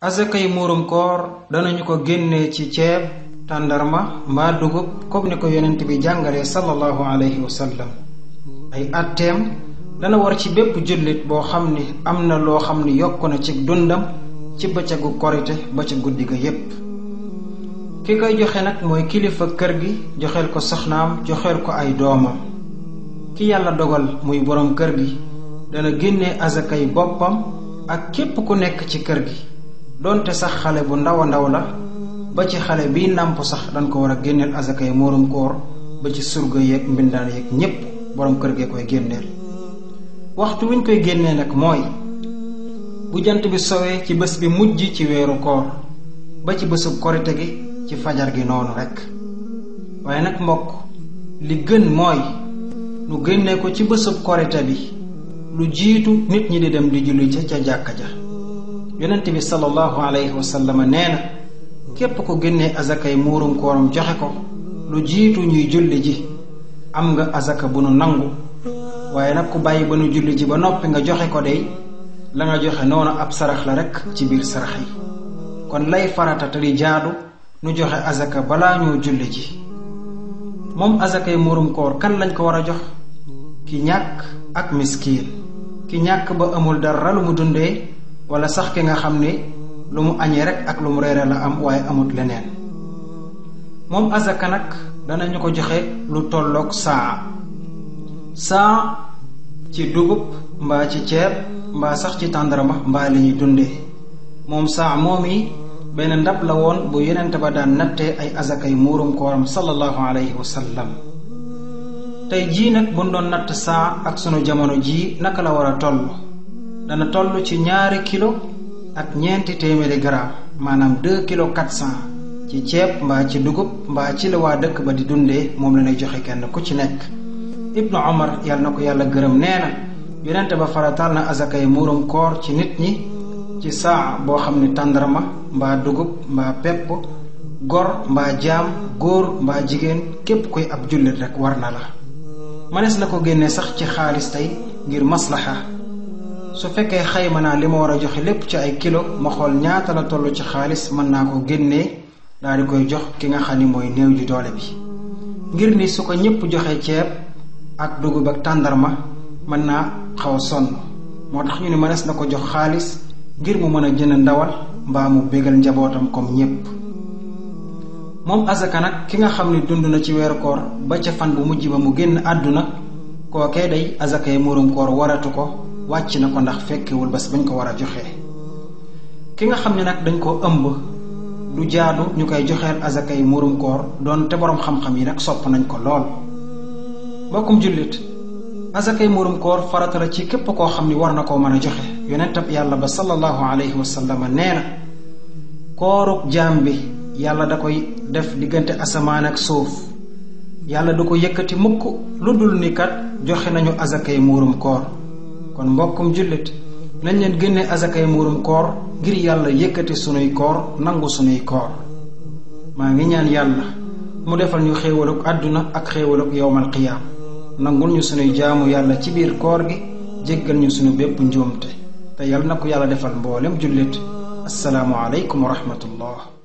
asakay muurum koor danañu ko génne ci ceeb tàndarma mbaa dugub comme ni ko yonent bi jàngalee sallallahu alayhi wa sallam ay atteem dana war ci bépp jullit boo xam ni am na loo xam ni yokk na ci dundam ci bëccëgu korite ba guddi ga yépp ki koy joxe nag mooy kilifa kër gi joxeel ko saxnaam joxeel ko ay doomam ki yàlla dogal muy boroom kër gi dana génne asakay boppam ak képp ku nekk ci kër gi donte sax xale bu ndaw a ndaw la ba ci xale biy nàmp sax dañ ko war a génneel azakay moorum koor ba ci surga yeeg mbindaan yeeg ñépp borom kër gee koy génneel waxtu wiñ koy génnee nag mooy bu jant bi soowee ci bés bi mujj ci weeru koor ba ci bésub korite gi ci fajar gi noonu rekk waaye nag mbokk li gën mooy nu génnee ko ci bésub korite bi lu jiitu nit ñi di dem di julli ca ca jàkka ja yonent bi sallallahu alayhi wa sallam nee na képp ko génnee azakay muurum kooram joxe ko lu jiitu ñuy julli ji am nga azaka bu nu nangu waaye nag ku bàyyi ba nu julli ji ba noppi nga joxe ko dey la nga joxe noonu ab sarax la rekk ci biir sarax yi kon lay farata te di jaadu nu joxe azaka balaa ñoo julli ji moom azakay muurum koor kan lañ ko war a jox ki ñàkk ak miskiin ki ñàkk ba amul dara lu mu dundee wala sax ki nga xam lu mu añee rek ak lu mu reere la am waaye amut lenen. moom azaka nag danañu ko joxe lu sa saa saa ci dugub mbaa ci ceeb mbaa sax ci tàndarama mbaa li ñuy dundee moom saa moom yi benn ndab la woon bu yonent ba daan nattee ay azakay muurum kooram sallallahu alayhi wa sallam tey jii nag bu doon natt saa ak sunu jamono jii naka la war a dana toll ci ñaari kilo ak ñeenti téeméeri garaam maanaam deux kilo quatre cent ci ceeb mbaa ci dugub mbaa ci la waa dëkk ba di dundee moom la lay joxe kenn ku ci nekk ibnu omar yal na ko yàlla gërëm nee na yonente ba farataal na azakay muurum koor ci nit ñi ci saa boo xam ne tàndarma mbaa dugub mbaa pepp gor mbaa jaam góor mbaa jigéen képp koy ab jullit rekk war na la mënees la ko génnee sax ci xaalis tey ngir maslaxa su fekkee xayma naa li ma war a joxe lépp ci ay kilo ma xool ñaata la toll ci xaalis mën naa ko génnee daal di koy jox ki nga xam ni mooy néew ji doole bi ngir ni su ko ñëpp joxee ceeb ak dugub ak tàndarma mën naa xaw a sonn moo tax ñu ne mënees na ko jox xaalis ngir mu mën a jënd ndawal mbaa mu bégal njabootam comme ñëpp moom azaka nag ki nga xam ni dund na ci weeru koor ba ca fan bu mujj ba mu génn àdduna kookee day azaka yi murum koor waratu ko wàcc na ko ndax fekkewul bés bañ ko war a joxe ki nga xam ne nag dañ koo ëmb du jaadu ñu koy joxeel azakay murum koor doon te boroom xam-xam yi nag sopp nañ ko lool mbokkum jullit azakay mburum koor farata ci képp koo xam ni war na koo mën a joxe yonentab yàlla ba sallallahu alayhi wa sallam nee na koorub jaam bi yàlla da koy def diggante asamaan ak suuf yàlla du ko yëkkati mukk lu dul ni kat joxe nañu azakay muurum koor kon mbokkum jullit nañ leen génne asakay muurum koor ngir yàlla yëkkati sunuy koor nangu sunuy koor maa ngi ñaan yàlla mu defal ñu xéewalug àdduna ak xéewalug yowmal qiyaam nangul ñu sunuy jaamu yàlla ci biir koor gi jéggal ñu sunu bépp njuumte te yàlla na ko yàlla defal mboolem jullit assalaamu aleykum wa rahmatullah